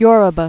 Yoruba